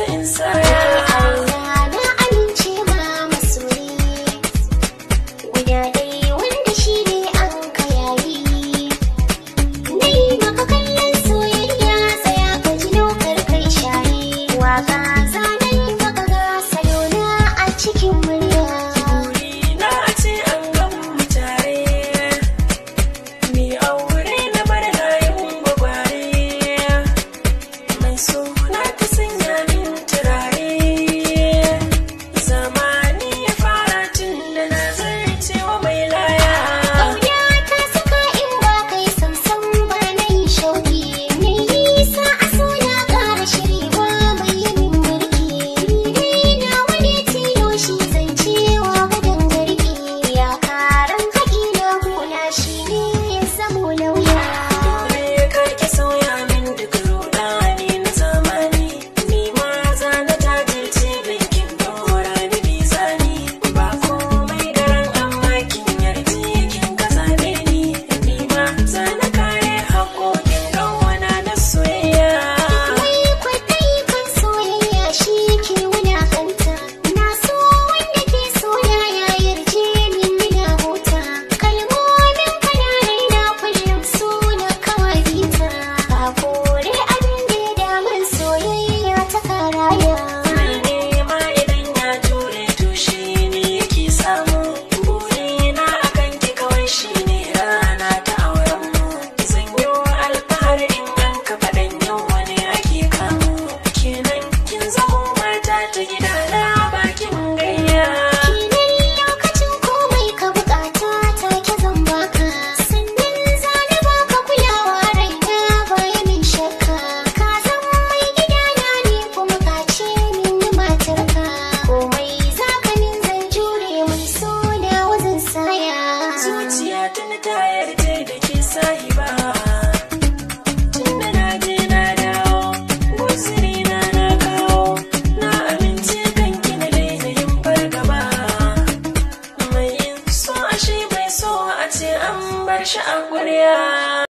inside. nothing to die.